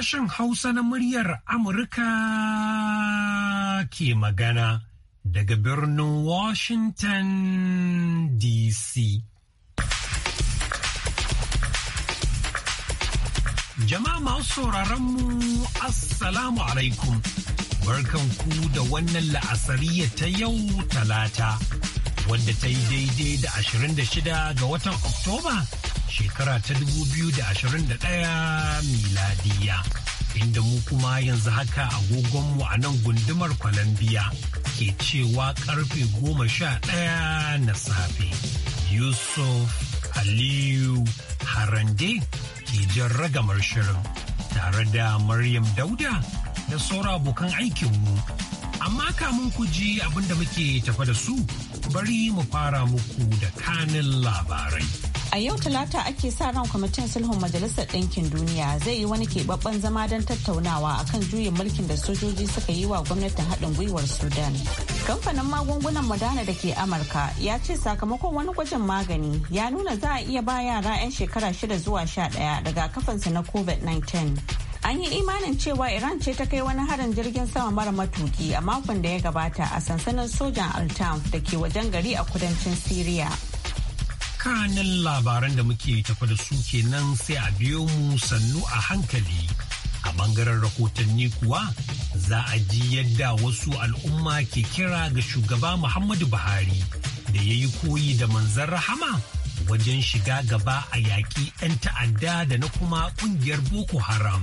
sashen Hausa na muryar Amurka ke magana daga birnin Washington DC. Jama'a masu mu Assalamu alaikum. Barkanku da wannan la'asariya ta yau talata, wadda ta yi daidai da 26 ga watan Oktoba. shekara ta 2021 miladiya. Inda mu kuma yanzu haka agogonmu a nan gundumar kwalambiya ke cewa karfe goma sha ɗaya na safe. Yusuf Aliyu Harande ke jan ragamar shirin tare da Maryam Dauda da saura abokan aikinmu. Amma kamun ku ji abinda muke tafa da su bari mu fara muku da kanin labarai. A yau Talata ake sa ran kwamitin sulhun Majalisar Ɗinkin Duniya zai yi wani keɓaɓɓen zama don tattaunawa a kan juyin mulkin da sojoji suka yi wa gwamnatin haɗin gwiwar Sudan. Kamfanin magungunan Madana da ke Amurka ya ce sakamakon wani gwajin magani ya nuna za a iya ba yara 'yan shekara shida zuwa sha ɗaya daga kafansa na COVID-19. An yi imanin cewa Iran ce ta kai wani harin jirgin sama mara matuki a makon da ya gabata a sansanin sojan Altam da ke wajen gari a kudancin Siriya. kanin labaran da muke tafa da su kenan sai a biyo mu sannu a hankali. A bangaren rahotanni kuwa za a ji yadda wasu al'umma ke kira ga shugaba Muhammadu Buhari da ya yi koyi da manzan rahama wajen shiga gaba a yaƙi 'yan ta'adda da na kuma ƙungiyar Boko Haram.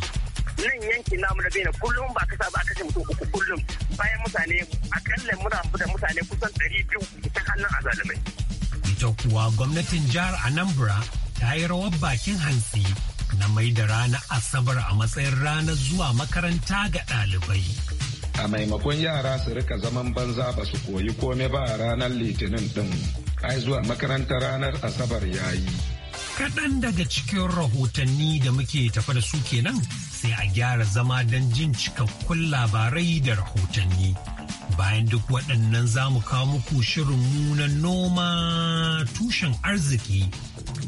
nan yanki namu na bene kullum ba kasa ba kashe mutum uku kullum bayan mutane akalla muna da mutane kusan ɗari ta hannun azalumai. ita kuwa gwamnatin jihar anambra ta yi rawar bakin hantsi na mai da ranar asabar a matsayin ranar zuwa makaranta ga ɗalibai a maimakon yara su rika zaman banza ba su koyi kome ba a ranar litinin din ai zuwa makaranta ranar asabar ya yi. kaɗan daga cikin rahotanni da muke tafa da su kenan sai a gyara zama don jin cikakkun labarai da rahotanni Bayan duk waɗannan za mu kawo muku shirin na noma tushen arziki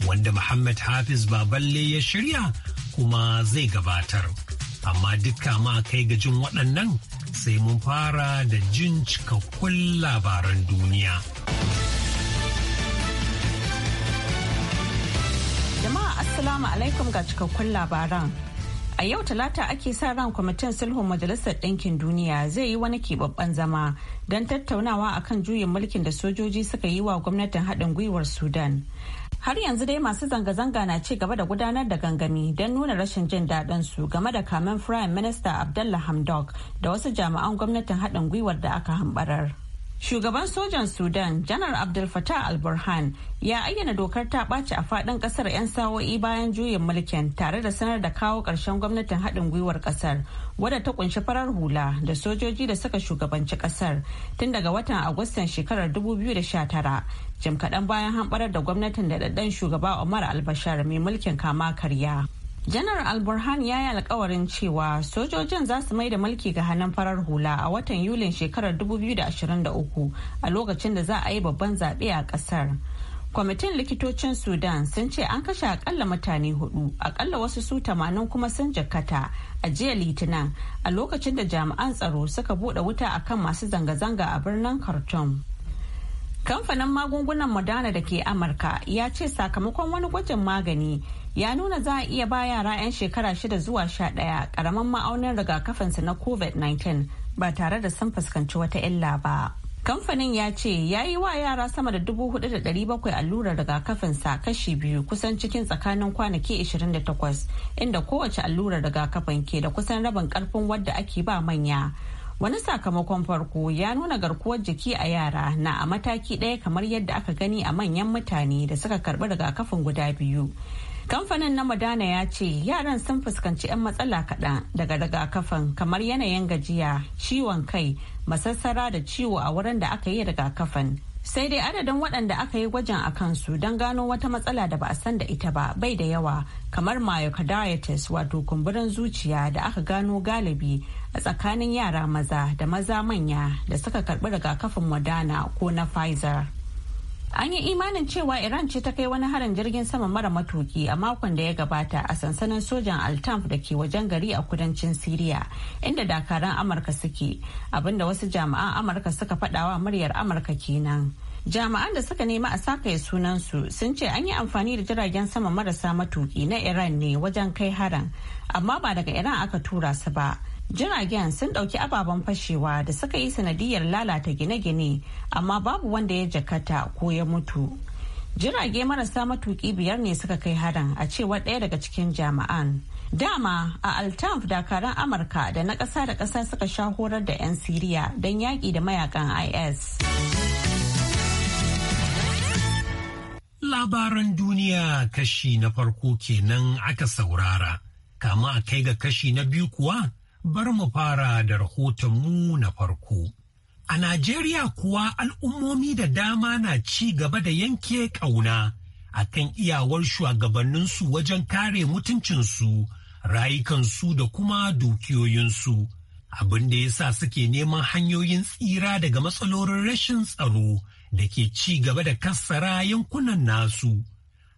wanda Muhammad Hafiz Baballe ya shirya kuma zai gabatar. Amma dukka ma kai gajin waɗannan sai mun fara da jin cikakkun labaran duniya. Jama'a Assalamu alaikum ga cikakkun labaran. A yau talata ake sa ran kwamitin sulhun Majalisar Ɗinkin Duniya zai yi wani keɓaɓɓen zama don tattaunawa akan juyin mulkin da sojoji suka yi wa gwamnatin haɗin gwiwar Sudan. Har yanzu dai masu zanga-zanga na ci gaba da gudanar da gangami don nuna rashin jin daɗin su game da kamen Firayim Minista Abdullah Hamdok da wasu jami'an gwamnatin haɗin gwiwar da aka hambarar. Shugaban sojan Sudan, Janar Abdel Fattah al-Burhan, ya ayyana dokar ta ɓaci a faɗin ƙasar 'yan sawo'i bayan juyin mulkin tare da sanar da kawo ƙarshen gwamnatin haɗin gwiwar ƙasar, wadda ta kunshi farar hula da sojoji da suka shugabanci ƙasar tun daga watan Agustan shekarar 2019, jim kaɗan bayan hamɓarar da gwamnatin da ɗaɗɗan shugaba Omar al-Bashir mai mulkin kama karya. janar alburhan ya yi alkawarin cewa sojojin za su mai da mulki ga hannun farar hula a watan yulin shekarar 2023 a lokacin da za a yi babban zaɓe a ƙasar kwamitin likitocin sudan sun ce an kashe akalla mutane hudu akalla wasu su tamanin kuma sun jakata a jiya litinin a lokacin da jami'an tsaro suka buɗe wuta a kan masu zanga-zanga a birnin khartoum kamfanin magungunan moderna da ke amurka ya ce sakamakon wani gwajin magani ya nuna za a iya ba yara 'yan shekara shida zuwa sha ɗaya karamin ma'aunin rigakafinsu na covid-19 ba tare da sun fuskanci wata illa ba. kamfanin ya ce ya yi wa yara sama da 4,700 allurar rigakafinsa kashi biyu kusan cikin tsakanin kwanaki 28 inda kowace allurar rigakafin ke da kusan rabin karfin wadda ake ba manya wani sakamakon farko ya nuna garkuwar jiki a yara na a mataki ɗaya kamar yadda aka gani a manyan mutane da suka karbi rigakafin guda biyu kamfanin na madana ya ce yaran sun fuskanci 'yan matsala kaɗan daga rigakafan kamar yanayin gajiya ciwon kai masassara da ciwo a wurin da aka yi rigakafan. sai dai adadin waɗanda aka yi gwajin a kansu don gano wata matsala da ba a san da ita ba bai da yawa kamar myocarditis wato kumburin zuciya da aka gano galibi a tsakanin yara maza da maza manya da suka karɓi rigakafin madana ko na pfizer An yi imanin cewa Iran ce ta kai wani harin jirgin sama mara matuki a makon da ya gabata a sansanin sojan Altamf da ke wajen gari a kudancin Siriya inda dakaran Amurka suke abinda wasu jami'an Amurka suka faɗawa muryar Amurka kenan. jami'an da suka nemi a sakaye sunansu sun ce an yi amfani da jiragen sama marasa matuki na iran ne wajen kai harin amma ba daga iran aka tura su ba jiragen sun dauki ababen fashewa da suka yi sanadiyar lalata gine-gine amma babu wanda ya jakata ko ya mutu jirage marasa matuki biyar ne suka kai harin a cewar daya daga cikin jami'an dama a altamf dakaran amurka da na kasa da kasa suka sha horar da 'yan siriya don yaƙi da mayakan is labaran duniya kashi na farko kenan aka saurara kama a kai ga kashi na biyu kuwa bar mu fara da rahoton mu na farko. A Najeriya kuwa al'ummomi da dama na ci gaba da yanke ƙauna a kan iyawar shugabanninsu wajen kare mutuncinsu, rayukansu da kuma dukiyoyinsu. Abin da ya sa suke neman hanyoyin tsira daga matsalolin rashin tsaro da ke ci gaba da kassara yankunan nasu.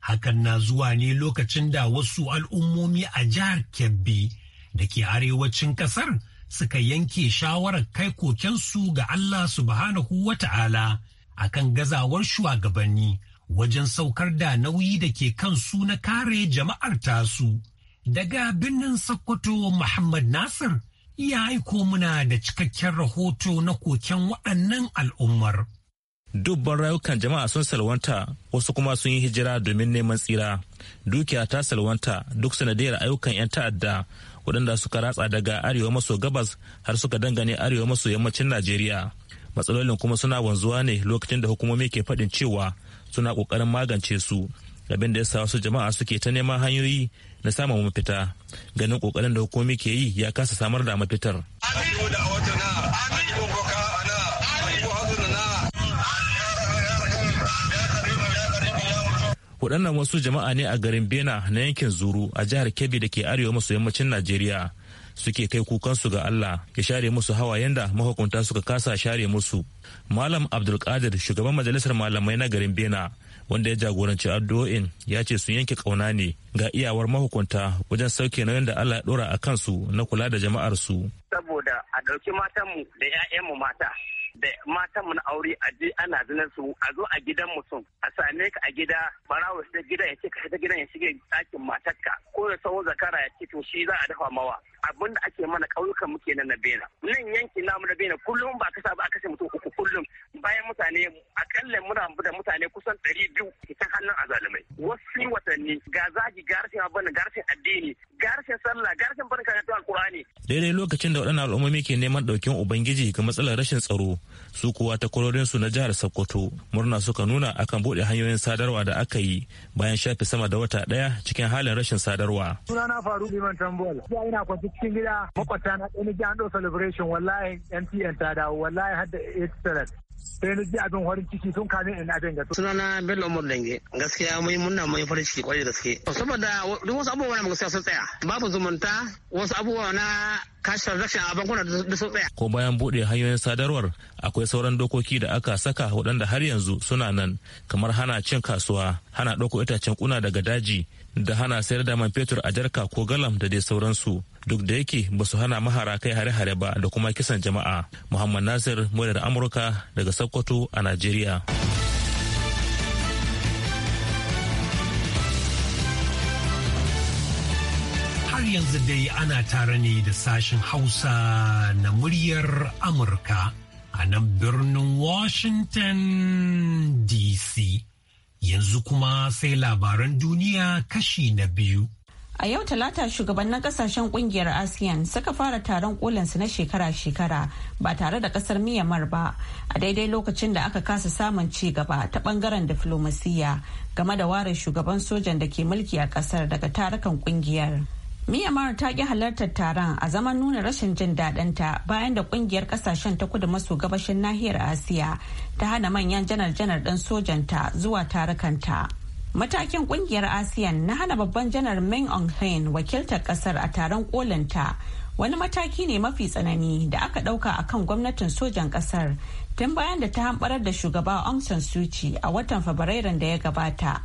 Hakan na zuwa ne lokacin da wasu al'ummomi a jihar Kebbi. da ke arewacin kasar suka yanke shawarar kai kokensu ga Allah subhanahu wa ta'ala a kan gazawar shugabanni wajen saukar da nauyi da ke kansu na kare jama'ar tasu. Daga birnin Sokoto Muhammad Nasir ya aiko muna da cikakken rahoto na koken waɗannan al'ummar. dubban rayukan jama'a sun salwanta wasu kuma sun yi hijira domin neman tsira dukiya ta salwanta duk sanadiyar ayyukan 'yan ta'adda waɗanda suka ratsa daga arewa maso gabas har suka dangane arewa maso yammacin najeriya matsalolin kuma suna wanzuwa ne lokacin da hukumomi ke faɗin cewa suna ƙoƙarin magance su abin da ya sa wasu jama'a suke ta neman hanyoyi na samun mafita ganin ƙoƙarin da hukumomi ke yi ya kasa samar da mafitar. waɗannan wasu jama'a ne a garin bena na yankin zuru a jihar kebbi da ke arewa maso yammacin najeriya suke kai kukansu ga allah ya share musu hawa da mahukunta suka kasa share musu malam abdulkadir shugaban majalisar malamai na garin bena wanda ya jagoranci addu'o'in ya ce sun yanke kauna ne ga iyawar mahukunta wajen sauke nauyin da Allah ya dora a kansu na kula da jama'ar su. Saboda a ɗauki matanmu da 'ya'yanmu mata da matan mu na aure a je ana zinar su a zo a gidan mutum a same ka a gida barawa da gidan ya ce ka ta gidan ya shige ɗakin matarka ko ya sawo zakara ya ce to shi za a dafa mawa abinda ake mana ƙauyukan muke nan na bena nan yanki namu na bena kullum ba kasa ba a kashe mutum uku kullum bayan mutane akalla muna da mutane kusan ɗari biyu cikin hannun azalumai wasu watanni ga zagi ga rashin abin addini ga rashin sallah ga rashin barin karatun alkur'ani daidai lokacin da waɗannan al'ummomi ke neman ɗaukin ubangiji ga matsalar rashin tsaro su kuwa takwarorinsu na jihar sokoto murna suka nuna akan bude hanyoyin sadarwa da aka yi bayan shafe sama da wata daya cikin halin rashin sadarwa. na faru biman tambol ya ina kwanci cikin gida makwata na ɗani jihar celebration wallahi mtn ta dawo wallahi hadda 8 sai na ji abin farin ciki tun kamin in abin ga sunana bello umar dange gaskiya mai muna mai farin ciki kwarai gaske saboda duk wasu abubuwa na gaskiya sun tsaya babu zumunta wasu abubuwa na kashin transaction a bankuna da sun tsaya ko bayan bude hanyoyin sadarwar akwai sauran dokoki da aka saka waɗanda har yanzu suna nan kamar hana cin kasuwa hana ɗauko itacen kuna daga daji da hana sayar da man fetur a jarka ko galam da dai sauransu duk da yake ba su hana mahara kai hare-hare ba da kuma kisan jama'a muhammad nasir muryar amurka daga sokoto a najeriya har yanzu dai ana tare ne da sashen hausa na muryar amurka a nan birnin washington dc Yanzu kuma sai labaran duniya kashi na biyu. A yau talata shugabannin kasashen kungiyar ASEAN suka fara taron kolinsu na shekara-shekara ba tare da kasar Myanmar ba a daidai lokacin da aka kasa samun ci gaba ta bangaren diflomasiya game da ware shugaban sojan da ke mulki a kasar daga tarukan kungiyar. Myanmar ta ƙi halartar taron a zaman nuna rashin jin daɗinta bayan da ƙungiyar ƙasashen ta kudu maso gabashin nahiyar Asiya ta hana manyan janar-janar ɗin sojanta zuwa tarukanta. Matakin ƙungiyar ASEAN na hana babban janar Meng Aung Hlaing wakiltar ƙasar a taron ƙolinta wani mataki ne mafi tsanani da aka ɗauka a kan gwamnatin sojan ƙasar tun bayan da ta hamɓarar da shugaba Aung San Suu Kyi a watan Fabrairun da ya gabata.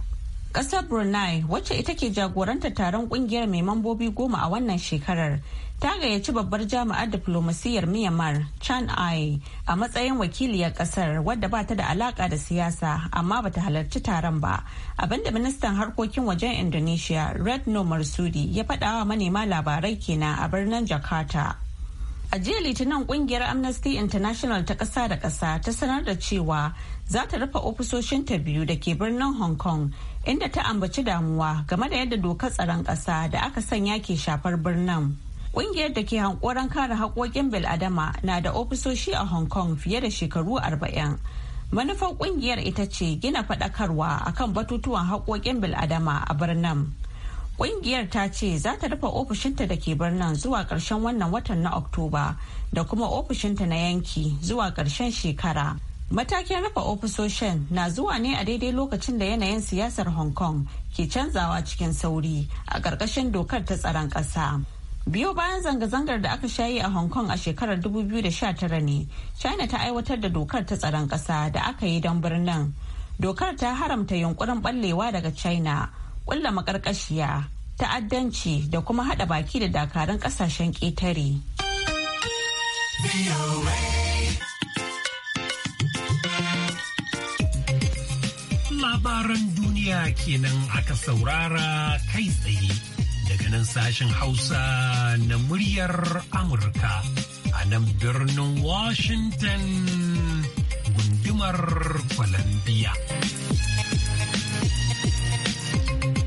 Ƙasar Brunei wacce ita ke jagorantar taron kungiyar mai mambobi goma a wannan shekarar ta gayyaci babbar jami'ar diplomasiyyar Myanmar Chan Ai a matsayin wakiliyar ƙasar wadda ba ta da alaka da siyasa amma ba ta halarci taron ba abinda ministan harkokin wajen Indonesia Retno Marsudi ya faɗawa manema labarai kenan a birnin Jakarta. A jiya Litinin kungiyar Amnesty International ta ƙasa da ƙasa ta sanar da cewa za ta rufe ta biyu da ke birnin Hong Kong inda ta ambaci damuwa game da yadda dokar tsaron ƙasa da aka sanya ke shafar birnin. Ƙungiyar da ke hankoron kare haƙoƙin bil adama na da ofisoshi a Hong Kong fiye da shekaru arba'in. manufar ƙungiyar ita ce gina faɗakarwa akan batutuwan haƙoƙin bil'adama a birnin ƙungiyar ta ce za ta rufe ofishinta da ke birnin zuwa ƙarshen wannan watan na oktoba da kuma ofishinta na yanki zuwa ƙarshen shekara Matakin rufe ofisoshin na zuwa ne a daidai lokacin da yanayin siyasar Hong Kong ke canzawa cikin sauri a ƙarƙashin dokar ta tsaron ƙasa. Biyo bayan zanga-zangar da aka shayi a Hong Kong a shekarar 2019 ne, China ta aiwatar da dokar ta tsaron ƙasa da aka yi don birnin. Dokar ta haramta yunkurin ɓallewa daga China, ƙulla maƙarƙashiya, ta'addanci da kuma haɗa baki da dakarun ƙasashen ƙetare. labaran duniya kenan aka saurara kai tsaye daga nan sashen Hausa na muryar Amurka a nan birnin Washington gundumar Columbia.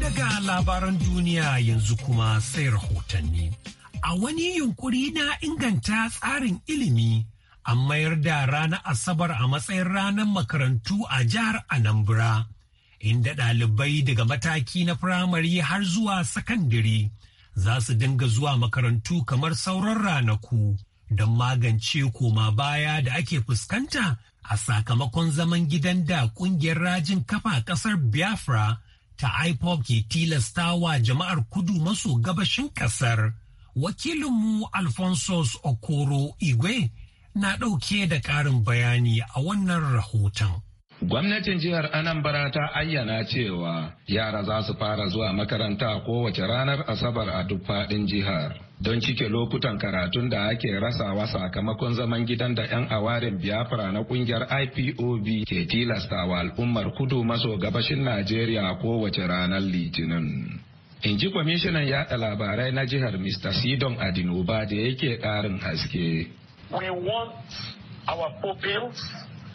Daga labaran duniya yanzu kuma sai rahotanni. A wani yunkuri na inganta tsarin ilimi an mayar da ranar Asabar a matsayin ranar makarantu a jihar Anambra. inda ɗalibai daga mataki na firamare har zuwa sakandare za su dinga zuwa makarantu kamar sauran ranaku don magance koma baya da ake fuskanta a sakamakon zaman gidan da ƙungiyar rajin kafa ƙasar biafra ta ipob ke tilastawa jama'ar kudu maso gabashin ƙasar wakilinmu alphonsus okoro igwe na ɗauke da ƙarin bayani a wannan rahoton. Gwamnatin jihar Anambra ta ayyana cewa yara za su fara zuwa makaranta kowace ranar Asabar a duk faɗin jihar. Don cike lokutan karatun da ake rasawa sakamakon zaman gidan da 'yan awarin biyafra na kungiyar IPOB ke tilastawa al'ummar kudu maso gabashin Najeriya kowace ranar Litinin. In ji kwamishinan yada labarai na jihar Mr. Sidon Adinuba da yake ƙarin haske. We want our pupils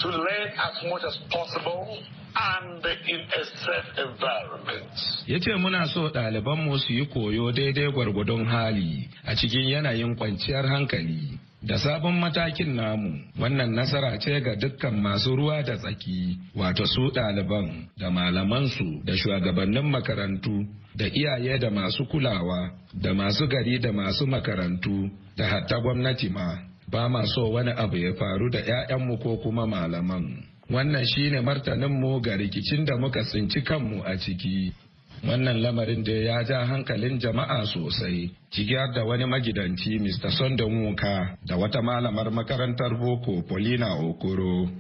to learn as much as possible and in a safe environment. Ya ce muna so ɗalibanmu su yi koyo daidai gwargwadon hali a cikin yanayin kwanciyar hankali. Da sabon matakin namu, wannan nasara ce ga dukkan masu ruwa da tsaki, wato su ɗaliban da malamansu da shugabannin makarantu da iyaye da masu kulawa da masu gari da masu makarantu da hatta gwamnati ma. ba ma so wani abu ya faru da 'ya'yanmu ko kuma malaman wannan shine martaninmu ga rikicin da muka tsinci kanmu a ciki wannan lamarin da ya ja hankalin jama'a sosai ciki da wani magidanci mr sondon wuka da wata malamar makarantar boko polina okoro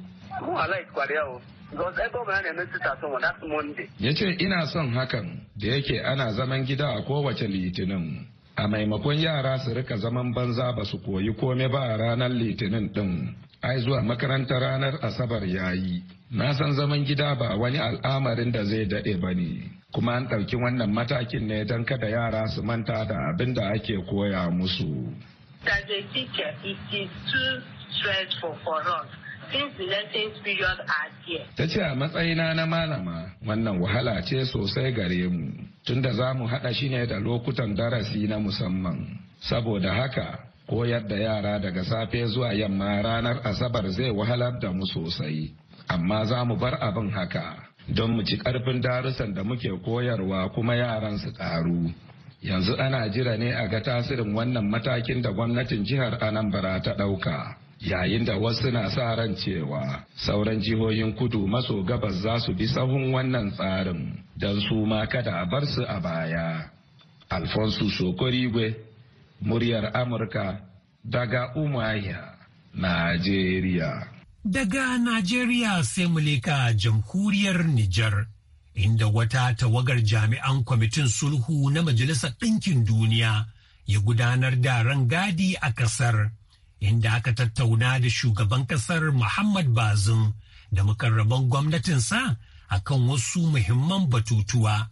ya ce ina son hakan da yake ana zaman gida a kowace litinin a maimakon yara su rika zaman banza ba su koyi kome ba a ranar litinin din ai zuwa makarantar ranar asabar yayi na san zaman gida ba wani al'amarin da zai daɗe ba ne kuma an ɗauki wannan matakin ne don kada yara su manta da abin da ake koya musu. is too stressful for us Ta ce a matsayina na malama wannan wahala ce sosai gare mu tunda za mu haɗa shi ne da lokutan darasi na musamman. Saboda haka koyar da yara daga safe zuwa yamma ranar asabar zai wahalar da mu sosai. Amma za mu bar abin haka don mu ci ƙarfin darussan da muke koyarwa kuma yaran su ƙaru. Yanzu ana jira ne a ga tasirin wannan matakin da gwamnatin jihar Anambra ta ɗauka. yayin da wasu na sa ran cewa sauran jihohin kudu maso gabas za su bi sahun wannan tsarin don su ma kada a bar su a baya. Alfonso Sokorigwe, muryar Amurka daga Umahia, Najeriya. Daga Najeriya sai mu jamhuriyar Nijar. inda wata tawagar jami'an kwamitin sulhu na Majalisar Ɗinkin Duniya ya gudanar da rangadi a ƙasar inda aka tattauna da shugaban kasar Muhammad Bazum da makarraban gwamnatinsa akan wasu muhimman batutuwa.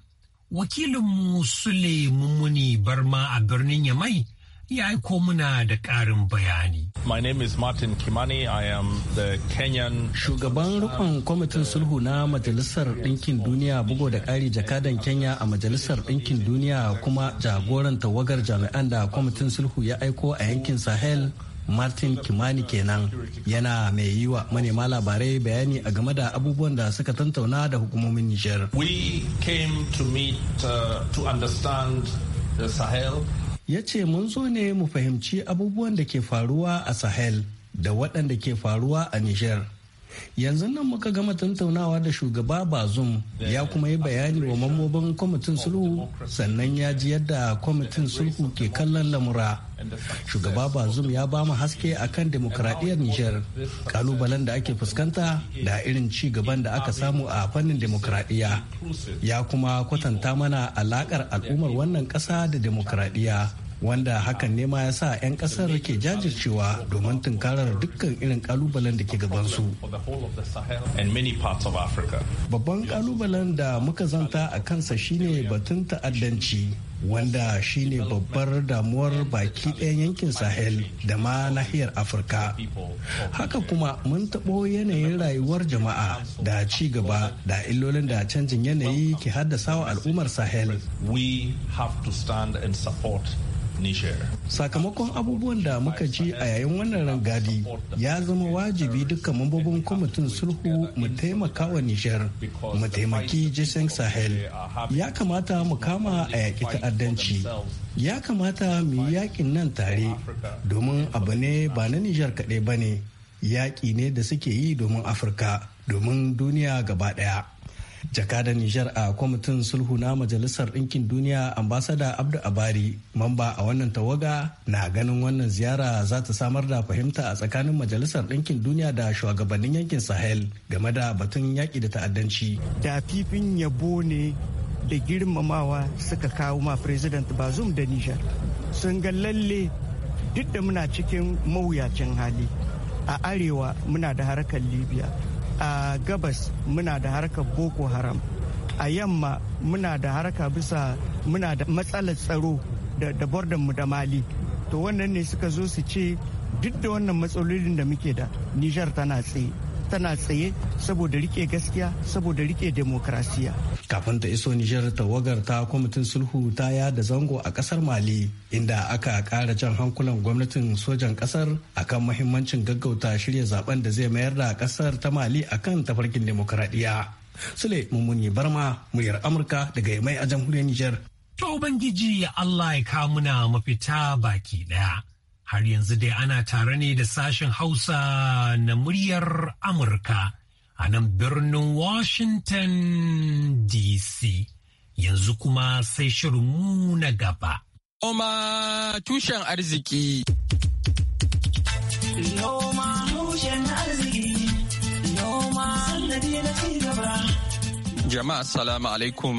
Wakilin Sule Mummuni Barma a birnin Yamai ya aiko muna da ƙarin bayani. My name is Martin Kimani, I am the Kenyan... Shugaban rukun kwamitin sulhu na Majalisar Ɗinkin Duniya bugo da ƙari jakadan Kenya a Majalisar Ɗinkin Duniya kuma jagoran tawagar jami'an da kwamitin sulhu ya aiko a yankin Sahel martin kimani kenan yana mai yi wa manema labarai bayani a game da abubuwan da suka tantauna da hukumomin nijar we came to meet uh, to understand the sahel ya ce mun zo ne mu fahimci abubuwan da ke faruwa a sahel da waɗanda ke faruwa a nijar yanzu nan muka gama tattaunawa da shugaba bazum ya kuma yi bayani wa mambobin kwamitin sulhu sannan ya ji yadda kwamitin sulhu ke kallon lamura shugaba bazum ya ba mu haske kan demokradiyyar nijar ƙalubalen da ake fuskanta da irin ci gaban da aka samu a fannin demokradiyya ya kuma kwatanta mana alaƙar al'ummar wannan ƙasa da demokradiyya wanda hakan ne ma ya sa 'yan kasar ke jajircewa domin tunkarar dukkan irin kalubalen da ke gabansu. Babban kalubalen da muka zanta a kansa shine batun ta'addanci. wanda shine babbar damuwar baki ɗayan yankin sahel da ma nahiyar afirka haka kuma mun taɓo yanayin rayuwar jama'a da ci gaba da illolin da canjin yanayi ke haddasa wa al'ummar sahel Sakamakon abubuwan da muka ci a yayin wannan rangadi ya zama wajibi duka mambobin kwamitin sulhu mu taimaka wa Niger, mu taimaki Jason Sahel. Ya kamata mu kama a yaƙi ta'addanci. Ya kamata mu yi yaƙin nan tare domin abu ne ba na Niger kaɗai ba ne. Yaƙi ne da suke yi domin Afirka, domin duniya gaba ɗaya. jakadan nijar a kwamitin sulhu na majalisar ɗinkin duniya ambasada abdu abari mamba a wannan tawaga na ganin wannan ziyara za ta samar da fahimta a tsakanin majalisar ɗinkin duniya da shugabannin yankin sahel game da batun yaƙi da ta'addanci da fifin yabo ne da girmamawa suka kawo ma president bazum da nijar sun ga lalle duk da muna cikin mawuyacin hali a arewa muna da harkar libya a gabas muna da harkar boko haram a yamma muna da harka bisa muna da matsalar tsaro da mu da mali to wannan ne suka zo su ce duk da wannan matsalolin da muke da nijar tana tsaye tana tsaye saboda rike gaskiya saboda rike demokrasiya kafin ta iso nijar tawagar ta kwamitin sulhu ta yada zango a kasar mali inda aka kara jan hankulan gwamnatin sojan kasar akan mahimmancin gaggauta shirya zaben da zai mayar da kasar ta mali akan tafarkin demokradiyya sule mummuni barma muryar amurka daga mai a jamhuriyar nijar to ubangiji ya allah ya kamuna mafita baki daya har yanzu dai ana tare ne da sashen hausa na muryar amurka a nan birnin Washington DC. Yanzu kuma sai shirinmu na gaba. Noma tushen arziki. Noma tushen arziki. Noma sannadi na gaba. Jama'a salamu alaikum.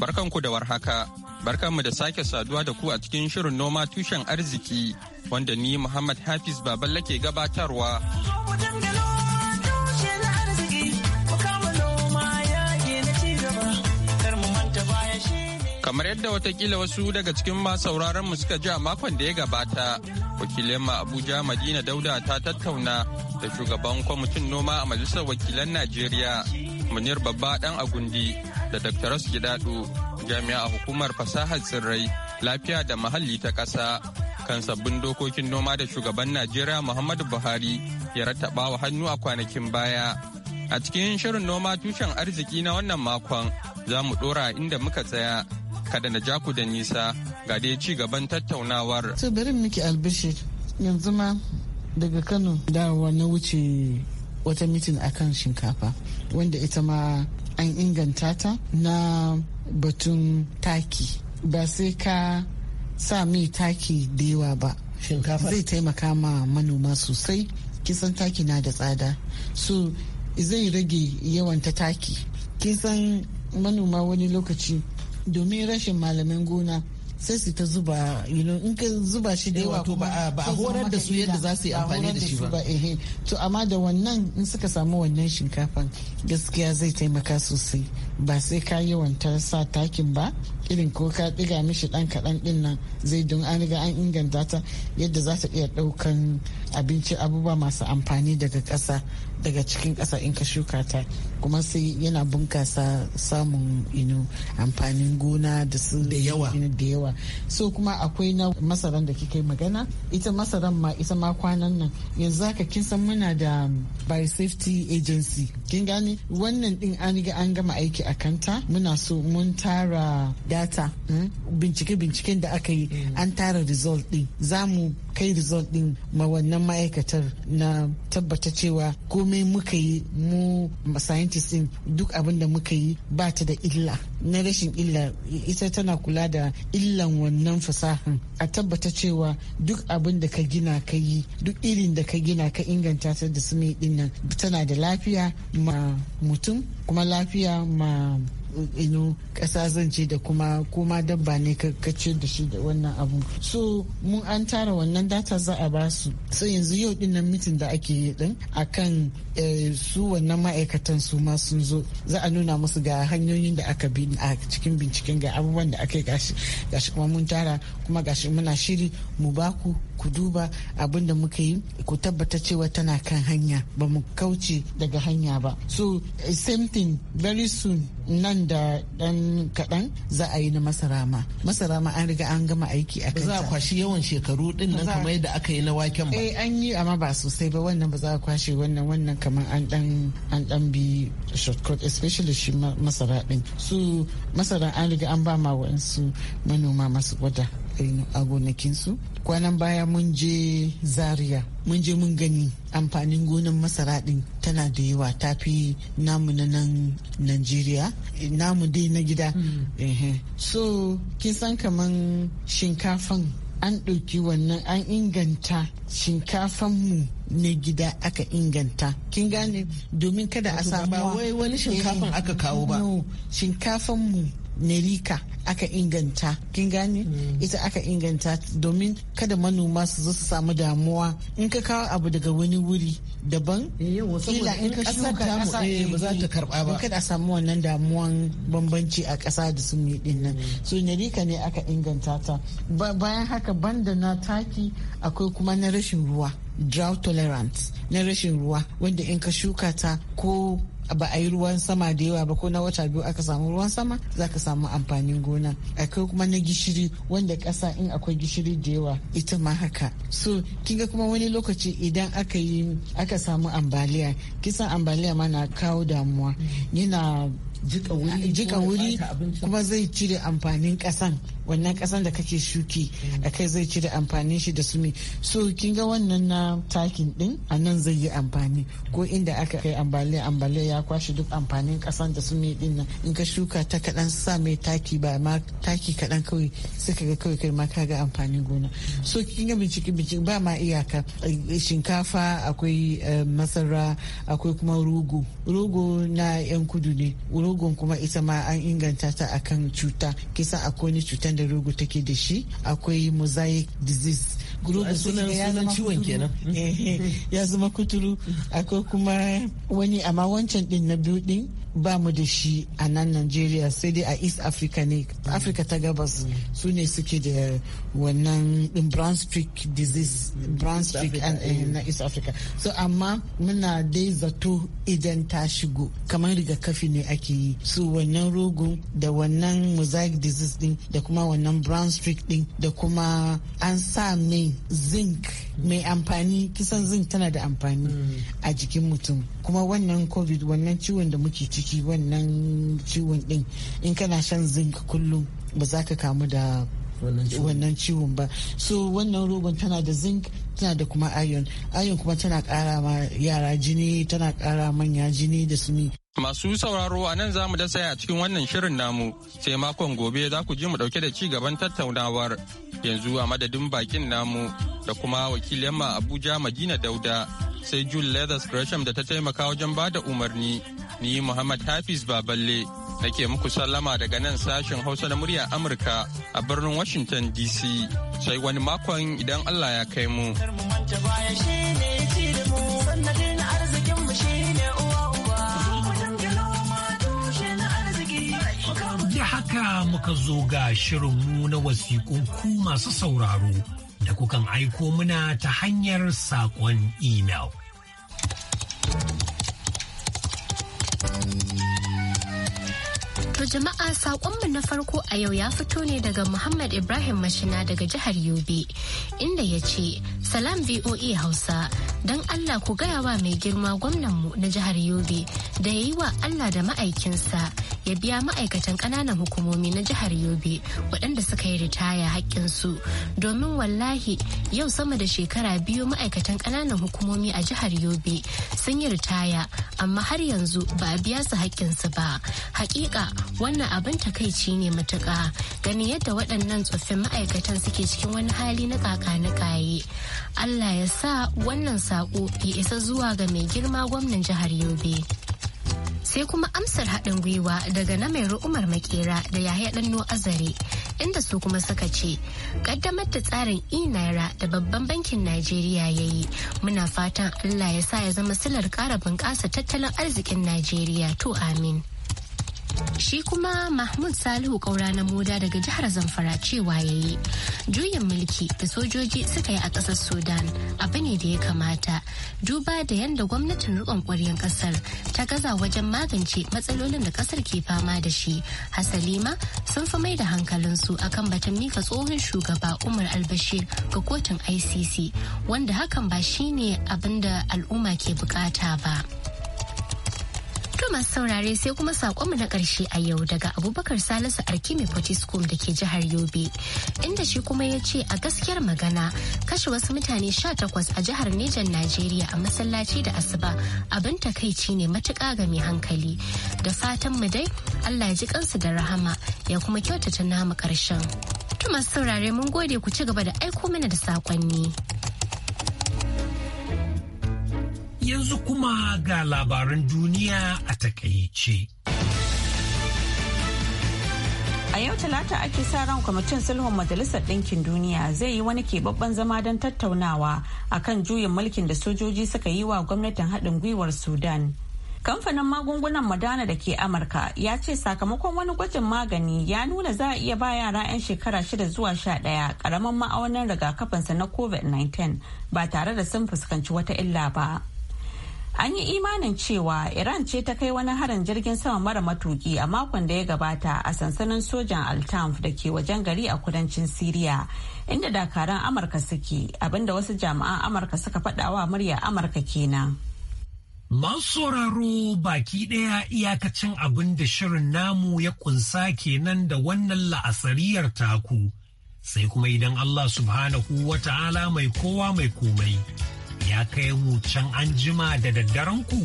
Barkanku da warhaka. Barkanmu da sake saduwa da ku a cikin shirin noma tushen arziki wanda ni Muhammad Hafiz Baballa ke gabatarwa. kamar yadda watakila wasu daga cikin sauraron mu suka ji a makon da ya gabata wakilin ma abuja madina dauda ta tattauna da shugaban kwamitin noma a majalisar wakilan najeriya munir babba dan agundi da daktaras gidadu jami'a a hukumar fasahar tsirrai lafiya da muhalli ta kasa kan sabbin dokokin noma da shugaban najeriya muhammadu buhari ya rattaba wa hannu a kwanakin baya a cikin shirin noma tushen arziki na wannan makon za mu ɗora inda muka tsaya kada na ja ku da nisa ga dai ci gaban tattaunawar. To bari miki albishir yanzu ma daga Kano Da na wuce wata mitin akan shinkafa wanda ita ma an inganta ta na batun taki ba sai ka sa mai taki da yawa ba shinkafa zai taimaka ma manoma sosai kisan taki na da tsada so zai rage yawan ta taki kisan manoma wani lokaci domin rashin malamin gona sai su ta zuba in ka zuba shi da yawa ba a horar da su yadda za su yi amfani da shi ba to amma da wannan in suka samu wannan shinkafan gaskiya zai taimaka sosai ba sai ka yawan sa takin ba irin ko ka ɗiga mishi ɗan kaɗan ɗin nan zai don an riga an inganta ta yadda za ta iya ɗaukan abinci abubuwa masu amfani daga ƙasa daga cikin ƙasa in ka shuka ta kuma sai yana bunkasa samun inu amfanin gona da su da yawa da yawa so kuma akwai na masaran da kika yi magana ita masaran ma ita ma kwanan nan yanzu haka kin san muna da biosafety agency kin gane wannan din an ga an gama aiki a kanta muna so mun tara data hmm? bincike binciken da aka yi mm. an tara result din zamu. kai result din ma wannan ma'aikatar na tabbata cewa komai muka yi mu scientist din duk abin da muka yi ba ta da illa na rashin illa ita tana kula da illan wannan fasahan a tabbata cewa duk abin da ka gina ka yi duk irin da ka gina ka inganta ta da su mai dinnan tana da lafiya ma mutum kuma lafiya ma inu ƙasa zan ce da kuma kuma dabba ne ka ce da shi da wannan abu so mun an tara wannan data za a basu so yanzu yau din nan mitin da ake yi din akan eh, su wannan ma'aikatan su ma sun zo za a nuna musu ga hanyoyin da aka bi a cikin binciken ga abubuwan da aka yi gashi kuma mun tara kuma gashi muna shiri mu baku ku duba abin da muka yi ku tabbata cewa tana kan hanya ba mu kauce daga hanya ba so eh, same thing very soon nan da dan kaɗan za a yi na masara ma masara ma an riga an gama aiki a kanta za a kwashi yawan shekaru din nan kamar yadda aka yi na waken ba eh an yi amma ba sosai ba wannan ba za a kwashe wannan wannan kamar an dan an dan bi shortcut especially shi masara din su masara an riga an ba ma wa'ansu manoma masu gwada a gonakinsu kwanan baya mun je zaria mun je mun gani amfanin gonan masara din tana da yawa ta fi namu na nan najeriya namu dai na gida mm. so kin san kaman shinkafan an ɗauki wannan an inganta shinkafanmu na gida aka inganta kin gane domin kada a samu wai wani eh. shinkafan aka kawo ba shinkafanmu Narika aka inganta kin gane mm. ita aka inganta domin kada manoma su zo su samu damuwa in ka kawo abu daga wani wuri daban eh, kila in ka shuka kasa eh, ba za ta karba ba kada samu wannan damuwan bambanci a ƙasa da su mi din nan mm. so nelika ne aka inganta ta bayan haka banda na taki akwai kuma na rashin ruwa drought tolerance na rashin ruwa wanda in ka shuka ta ko ba a yi ruwan sama da yawa ba ko na wata biyu aka samu ruwan sama za ka samu amfanin gona akwai kuma na gishiri wanda ƙasa in akwai gishiri da yawa ita ma haka so ga kuma wani lokaci idan aka yi aka samu ambaliya kisan ambaliya ma na kawo damuwa yana jika wuri jika kuma zai cire amfanin kasan wannan kasan da kake shuki mm. a kai zai cire amfanin shi da su ne so kin ga wannan na takin din a nan zai yi amfani ko inda aka kai ambaliya ambaliya ya kwashe duk amfanin kasan da su ne din nan in ka shuka ta kadan sa mai taki ba ma taki kadan kawai sai ka ga kawai kai ma ka ga amfanin gona mm. so kin ga bincike bincike ba ma iyaka eh, shinkafa akwai eh, masara akwai kuma rogo rogo na yan kudu ne rogon kuma ita ma an inganta ta akan cuta kisa akwai ni cutar da rogo take da shi akwai mosaic disease gurugun suna sunan ciwon kenan eh, ya zama kuturu akwai kuma wani amma wancan din na biyu din ba mu da shi a nan Najeriya sai dai a East Africa ne Africa ta gabas su ne suke da wannan brown streak disease brown streak eh, eh. na East Africa so amma muna dai zato idan ta shigo kamar rigakafi ne ake yi su wannan rogo da wannan mosaic disease din da kuma wannan brown streak din da kuma an sa mai zinc mai amfani kisan zin tana da amfani a jikin mutum kuma wannan covid wannan ciwon da muke ciki wannan ciwon din in kana shan zinc kullum ba za ka kamu da wannan ciwon ba so wannan roban tana da zinc tana da kuma ayon ayon kuma tana kara ma yara jini tana kara manya jini da sumi Masu sauraro a nan za mu da a cikin wannan shirin namu sai makon gobe za ku ji mu dauke da ci gaban tattaunawar yanzu a madadin bakin namu da kuma wakilin ma Abuja Madina Dauda sai Jule Leathers Gresham da ta taimaka wajen ba da umarni ni Muhammad Hafiz Baballe nake muku sallama daga nan sashen Hausa na murya Amurka a birnin Washington DC sai wani makon idan Allah ya kai mu. Da haka muka zo ga shirinmu na wasiƙun ku masu sauraro da kukan aiko muna ta hanyar saƙon email. Jama'a saƙonmu na farko a yau ya fito ne daga Muhammad Ibrahim Mashina daga jihar Yobe, inda ya ce, Salam VOA Hausa, don Allah ku gaya wa mai girma gwamnanmu na jihar Yobe da ya yi wa Allah da ma'aikinsa ya biya ma'aikatan ƙananan hukumomi na jihar Yobe waɗanda suka yi ritaya haƙƙinsu domin wallahi yau sama da shekara biyu ma'aikatan ƙananan hukumomi a jihar Yobe sun yi ritaya amma har yanzu ba a biya su haƙƙinsu ba. haƙiƙa wannan abin takaici ne matuƙa gani yadda waɗannan tsoffin ma'aikatan suke cikin wani hali na kaka na kaye. Allah ya sa wannan sa saƙo ya isa zuwa ga mai girma gwamnan jihar Yobe. Sai kuma amsar haɗin gwiwa daga na mai Umar Makera da Yahaya Ɗanno Azare inda su kuma suka ce ƙaddamar da tsarin e-naira da babban bankin Najeriya ya yi muna fatan Allah ya sa ya zama silar ƙara bunƙasa tattalin arzikin Najeriya to amin. Shi kuma Mahmud Salihu Kaura na Moda daga jihar Zamfara cewa ya yi. Juyin mulki da sojoji suka yi a ƙasar Sudan abu ne da ya kamata. Duba da yadda gwamnatin riƙon ƙwaryen ƙasar ta gaza wajen magance matsalolin da ƙasar ke fama da shi. Hasali ma sun fi mai da hankalinsu akan batun mika tsohon shugaba Umar Albashir ga kotun ICC wanda hakan ba shi ne abin da al'umma ke bukata ba. To masu saurare sai kuma sakonmu na ƙarshe a yau daga Abubakar Salisu Arkime Potiskum da ke jihar Yobe. Inda shi kuma ya ce a gaskiyar magana kashe wasu mutane sha takwas a jihar Nijar Najeriya a masallaci da asuba abin takaici ne matuƙa ga mai hankali. Da fatan mu dai Allah ji kansu da rahama ya kuma kyautata namu ƙarshen. To masu saurare mun gode ku ci gaba da aiko mana da saƙonni. Yanzu kuma ga labaran duniya a takaice. A yau talata ake sa ran kwamitin sulhun Majalisar Ɗinkin Duniya zai yi wani keɓaɓɓen zama don tattaunawa a kan juyin mulkin da sojoji suka yi wa gwamnatin haɗin gwiwar Sudan. Kamfanin magungunan Madana da ke Amurka ya ce sakamakon wani gwajin magani ya nuna za a iya ba yara 'yan shekara shida zuwa sha ɗaya ƙaramin ma'aunin rigakafinsa na COVID-19 ba tare da sun fuskanci wata illa ba. An yi imanin cewa Iran ce ta kai wani harin jirgin sama mara matuki a makon da ya gabata a sansanin sojan Altamf da ke wajen gari a kudancin Siriya, inda dakaran Amurka suke, abinda wasu jami'an Amurka suka fadawa murya Amurka kenan. Masu sauraro baki daya iyakacin abin da shirin namu ya kunsa kenan da wannan la'asariyar taku, sai kuma idan Allah subhanahu wa ta'ala mai kowa mai komai. ya kai mu can an jima da daddaren ku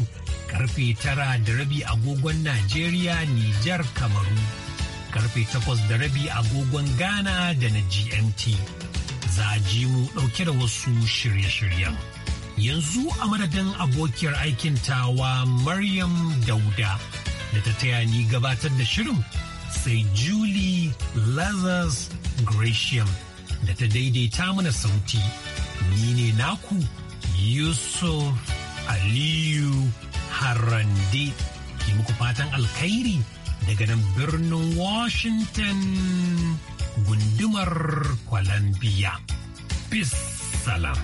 karfe tara da rabi agogon Najeriya, Nijar, Kamaru. Karfe takwas da rabi agogon Ghana da na GMT. Za a ji mu ɗauke da wasu shirye-shiryen. Yanzu a madadin abokiyar aikin tawa Maryam Dauda da ta taya ni gabatar da shirin sai Julie Lazarus Gratiam da ta daidaita mana sauti. Ni ne naku. Yusuf Aliyu Harande ke muku fatan alkhairi daga nan birnin Washington gundumar Columbia. Peace salam.